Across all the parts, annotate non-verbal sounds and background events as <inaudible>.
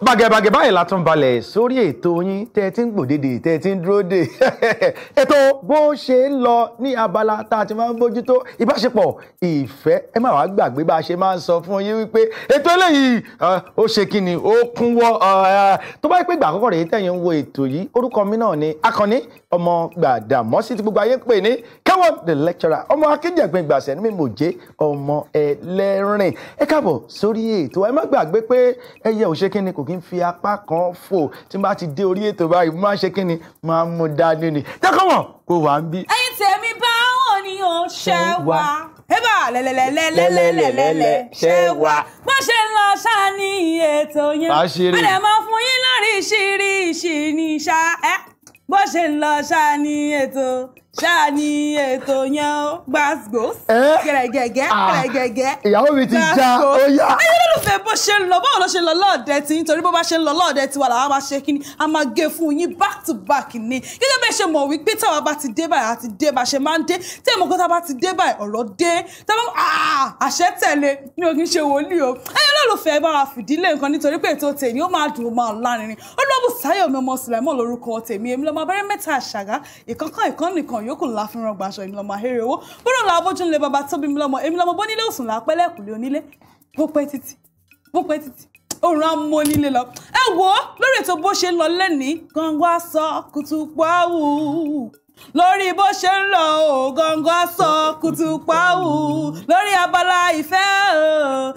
bàgẹ̀bàgẹ̀ báyìí látún balẹ̀ sórí ètò yín tẹ́ ẹ ti ń gbòdèdè tẹ́ ẹ ń dúró dè <laughs> ètò bó ṣe ń lọ ní abala tá a ti máa ń bójútó ìbáṣepọ̀ ìfẹ́ ẹ má wàá gbàgbé bá a ṣe máa ń sọ fún yín wípé ètò eléyìí ó ṣe kí ni ó kún wọ́ tó bá yẹ pé ìgbà àkọ́kọ́ rèé tẹ̀yìn ń wo ètò yìí orúkọ mi náà ni Akànní ọmọ Gbàdàmọ́sí tí gbogbo ayé pè ní k the lecturer ọmọ akínjẹ̀gbìn gbàsẹ̀ ní mímòjé ọmọ ẹlẹ́rìn ẹ káàbọ̀ sórí ètò ẹ má gbàgbé pé ẹyẹ òṣèkínni kò kì í fi apá kan fò tí n bá ti dé orí ètò báyìí mo máa ń ṣe kí ni máa mú dání ni tẹ́kọ̀mọ̀ kó wà ń bí. ẹyin tèmi bá wọn ni ò ṣe wá ébà lẹ́lẹ́lẹ́lẹ́lẹ́lẹ́lẹ́ ṣe wá bó ṣe lọ ṣáà ètò yẹn a lè máa fún yín lóríṣiríṣi ní ṣá ẹ bó ṣe lọ ṣáà ètò ṣáà ni ètò yẹn ó gbàgbó gẹ̀rẹ̀gẹ̀gẹ̀ ah. gẹ̀rẹ̀gẹ̀gẹ̀ ìyàwó mi ti já ó yá. ayé lólùfẹ́ bó ṣe ń lọ báwo ló ṣe ń lọ lọ́ọ̀dẹ tí nítorí bó bá ṣe ń lọ lọ́ọ̀dẹ tiwa làwa máa ṣe kíni a máa gé fún yín back to back ni gẹ́gẹ́ bẹ́ẹ̀ ṣe mọ̀ wípé táwa bá ti dé báyìí àti dé bá ṣe máa ń dé tí èmi kọ́ta bá ti dé báyìí ọ̀rọ̀ dé táwọn ah, àṣẹ tẹ̀lé ní òkè ṣe wòlíì o ayé lólùfẹ́ bá wa fìdílé nǹkan nítorí pé ètò tèmi ó máa dùn ó máa lárinrin olúwàbùsáyọ̀ mi ọmọ sùlẹ̀mọ́ lórúkọ tèmi èmi lọ́mọ abẹ́rẹ́ mẹ́ta àṣàgá ìkankan ìkan nìkan àwọn yòókù ńlá fi ràn gbàṣọ èmi ahéré owó bọ́dọ̀ làwọn bójú ńlẹ̀ bàbá tóbi mi lọ́mọ èmi nílé òsùn làpẹ́lẹ̀ kùlé onílé bó pẹ́ títì bó pẹ́ títì òòrùn amú onílé lọ. ẹ wo lórí ètò bó ṣe ń lọ lẹ́nìí gangan aṣọ kùtùpáwù lórí bó ṣe ń lọ o gangan aṣọ kùtùpáwù lórí abala ìfẹ́ o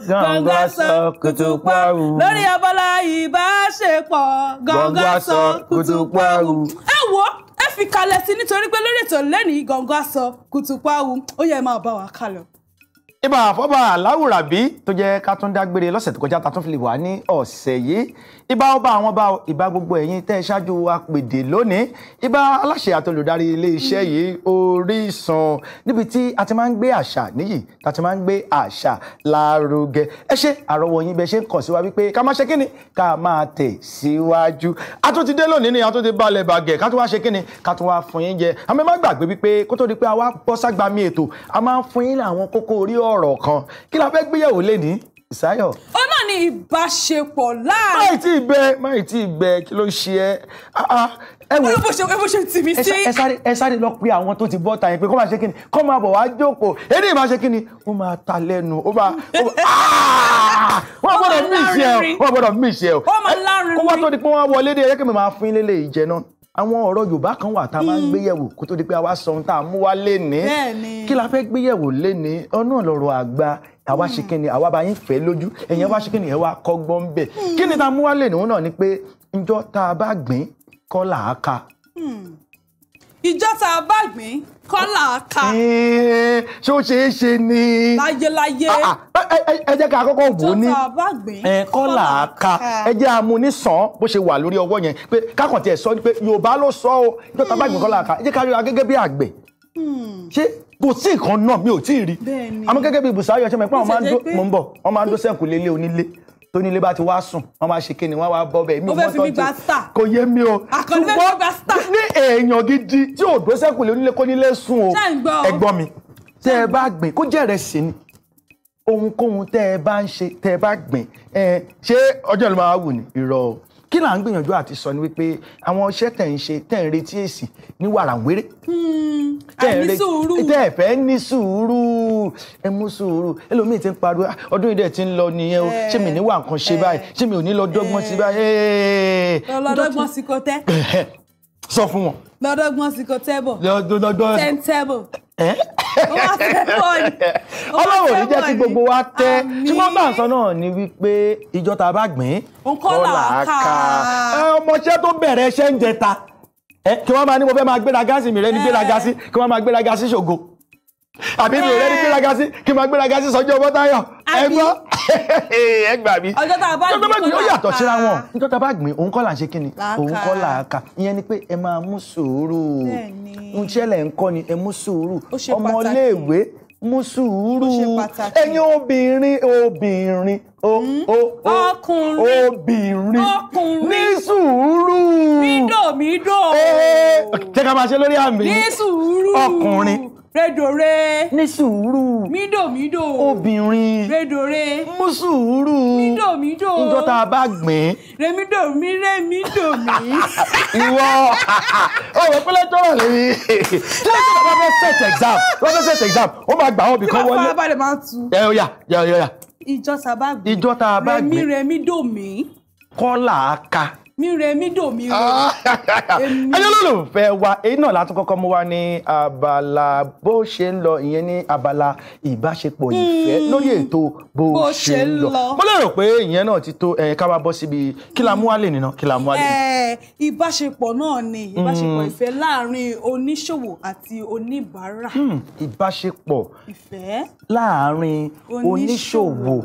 gangan aṣọ kùtùpáwù lórí abala ìbáṣepọ̀ gangan aṣọ kùtùpáwù. ẹ fi kalẹ̀ sí nítorí pé lórí ètò lẹ́nìí gangan sọ kùtùpáwu ó yẹ máa bá wa kálọ ibà àfọ́bà aláwùrábí tó jẹ́ ká tún dágbére lọ́sẹ̀ tó kọjá ta tún fi lè wà ní ọ̀sẹ̀ yìí ibà ọba àwọn ọba ibà gbogbo ẹ̀yin tẹ́ ẹ ṣáájú apèdè lónìí ibà aláṣẹ àtolùdarí iléeṣẹ́ yìí Orísun níbi tí a ti máa ń gbé àṣà níyì ta ti máa ń gbé àṣà lárugẹ ẹ ṣe àrọwọ yín bẹ ṣe ń kàn sí wípé ká máa ṣe kíni ká máa tẹ̀ síwájú a tún ti dé lónìí ni a tún ti balẹ̀ bàgẹ̀ ká tún wá ṣe kíni ká tún wá fún yín jẹ àmì má gbàgbé wípé kó tó di pé a wá bọ́ ságbá ọ̀rọ̀ kan kí la fẹ́ gbéyàwó lẹ́ni ìsáyọ̀. ó náà ní ìbáṣepọ̀ láàrin. máì tí ì bẹ máì tí ì bẹ kí ló ń ah, ah, ṣe ẹ ẹ wo bó ṣe bó ṣe tì mí sí. ẹ sáré ẹ sáré lọ pe àwọn tó ti bọ́ ta yẹn pé kó máa ṣe kí ni kó máa bọ̀ wá jókòó ẹni máa ṣe kí ni ó máa ta lẹ́nu ó máa <laughs> ah! wọ́n gbọ́dọ̀ mí ìṣe ẹ̀ wọ́n gbọ́dọ̀ mí ìṣe ẹ̀ kó wá tó di pé wọ́n wọlé dé ẹ máa fún ilé ìjẹ náà àwọn ọ̀rọ̀ yorùbá kan wà tá a máa ń gbéyẹ̀wò mm. kó tó di pé a wá sọ ohun tá a mú wá lénìí kí la fẹ́ gbéyẹ̀wò lénìí ọ̀nà lọ̀rọ̀ àgbà àwa mm. ṣe kí ni àwa bá yín fẹ́ lójú ẹ̀yin wá ṣe kí ni ẹ̀ wá kọ́gbọ́n bẹ̀ mm. kí ni tá a mú wá lénìí òun náà ni pé njọ́ tá a bá gbìn kọ́ là á ka ìjọ tá a bá gbìn kọ́là ká. ṣé ó ṣeé ṣe ni. láyéláyé. Ah, ah, ẹ jẹ́ ká kọ́kọ́ wò ó ní kọ́là ká ẹ jẹ́ àmú nísàn bó ṣe wà lórí ọwọ́ yẹn pé kákan tiẹ̀ sọ pé Yorùbá ló sọ o ìjọ tá a bá gbìn kọ́là ká ẹ jẹ́ ká ríra gẹ́gẹ́ bí àgbẹ̀ hmm. ṣé kò sí nǹkan náà mi ò tí ì rí àmọ́ gẹ́gẹ́ bí ibùsùn ayọ̀ ṣe mọ̀ pé àwọn máa ń dó mọ̀ ń bọ̀ wọ́n máa ń dó sẹ́ǹkù lélé onílé tó ní ilé bá ti wá sùn wọ́n máa ṣe kí ni wọ́n wá bọ́ bẹ́ẹ̀ mi ò mọ́ tọ́jú kò yé mi o ṣùgbọ́n ní èèyàn gidi tí ò dó sẹ́kùlé onílé kó nílé sùn o ẹ̀gbọ́n mi tẹ́ ẹ bá gbìn kó jẹ́ ìrẹsì ni ohunkóhun tẹ́ ẹ bá ń ṣe tẹ́ ẹ bá gbìn ṣé ọjọ́ ìlú máa wù ní irọ́ o kí là ń gbìyànjú àti sọ ni wípé àwọn iṣẹ́ tẹ̀ ń ṣe tẹ̀ ń retí èsì ní wàràǹwérè. Hmm, àìní sùúrù tẹ̀ fẹ́ ní sùúrù ẹ mú sùúrù ẹlòmíì ti ń pariwo ah, ọdún ìdẹ̀ ti ń lọ nìyẹn o ṣé mi ní nǹkan ṣe báyìí ṣé mi ò ní lọ dọ́gbọ́n sí báyìí. lọ́lọ́dọ́gbọ́n sí kọ́tẹ́. sọ fún wọn. lọ́dọ́gbọ́n sí kọ́tẹ́bọ̀. lọ́dọ́gbọ́n tẹ́ntẹ́bọ̀. ó ọlọ́run ò ní jẹ́ kí gbogbo wa tẹ́ ṣùgbọ́n bá ń sọ náà ni wípé ìjọ tá a bá gbìn kọ́ là á ká ọmọọṣẹ́ tó bẹ̀rẹ̀ iṣẹ́ ń jẹta kí wọ́n máa ní mo fẹ́ máa gbéra gáàsì mi rẹ́ ní gbéra gáàsì kí wọ́n máa gbéra gáàsì ṣògo àbí mi ò rẹ́ ní gbéra gáàsì kí n máa gbéra gáàsì sọ́jọ́ ọmọ táyọ̀ ẹgbọ́ <laughs> ẹgbà mi ọjọ́ tá a bá gbìn ó yàtọ̀ síra wọn ọjọ́ tá a bá gbìn òun kọ́ là òun kọ́ là ìyẹn ni pé ẹ máa mú sùúrù ń ṣẹlẹ̀ ń kọ́ ni ẹ mú sùúrù ọmọléèwé mu sùúrù ẹ̀yin obìnrin obìnrin hmm? ọkùnrin obìnrin ní sùúrù mídòmídò. jẹ́ ká máa ṣe lórí àmì ní sùúrù ọkùnrin rédòré. ní sùúrù. mídòmídò. obìnrin. rédòré. mú sùúrù. mídòmídò. njọ́ tá a bá gbìn. rèmídòmí rèmídòmí. <laughs> ìwọ ọ rẹ pé lẹ́jọ́ rẹ̀ lè rí. tí lẹ́jọ́ fẹ́ set exam bá fẹ́ set exam ó máa gbà wọ́n bí kọ́ wọlé. tí wọ́n fara balẹ̀ máa tu. ìjọ tá a bá gbìn. ìjọ tá a bá gbìn. rèmí rèmí dòmí. kọ́là á ka mi rẹ mi dò mi rẹ. Ah. ẹjọ́ lólùfẹ́ wa èyí náà látún kọ́kọ́ mú wa ní abala bó ṣe ń lọ ìyẹn ní abala ìbáṣepọ̀ hmm. ìfẹ́ lórí ètò bó ṣe ń lọ. mo lérò pé ìyẹn náà ti tó ká wá bọ́ síbi kí la mú wá lè nínà kí la mú wá lè. Eh, ìbáṣepọ̀ náà ni ìbáṣepọ̀ hmm. ìfẹ́ láàárín oníṣòwò àti oníbàárà. Hmm, ìbáṣepọ̀ ìfẹ́ láàárín oníṣòwò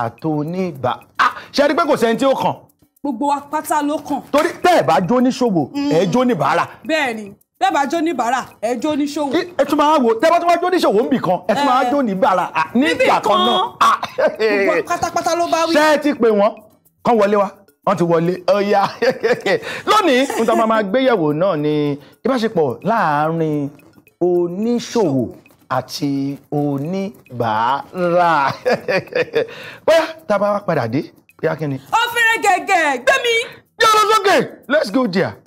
àti oníbàárà. Ah, ṣe é rí pé kò sẹ́ni tí ó kàn gbogbo wa pátá ló kàn. torí tẹ́ ẹ bá jó níṣòwò mm. ẹ jó níbàárà. bẹ́ẹ̀ni tẹ́ ẹ bá jó níbàárà ẹ jó níṣòwò. ẹ tún máa wò tẹ́ ẹ bá tún máa jó níṣòwò ń bì kan ẹ tún máa eh. jó níbàárà nígbà kan náà. gbogbo pátápátá ló bá wí. ṣé ẹ ti pè wọ́n kán wọlé wa wọ́n ti wọlé ọ̀yà <laughs> lónìí níta máa máa gbéyẹ̀wò náà ni ìbáṣepọ̀ láàárín oníṣòwò àti oníbàárà <laughs> bóyá tá a bá wá padà dé bóyá kí ni. ó gẹ̀gẹ̀ gbẹ́mi. yọ̀rọ̀ sókè let's go there.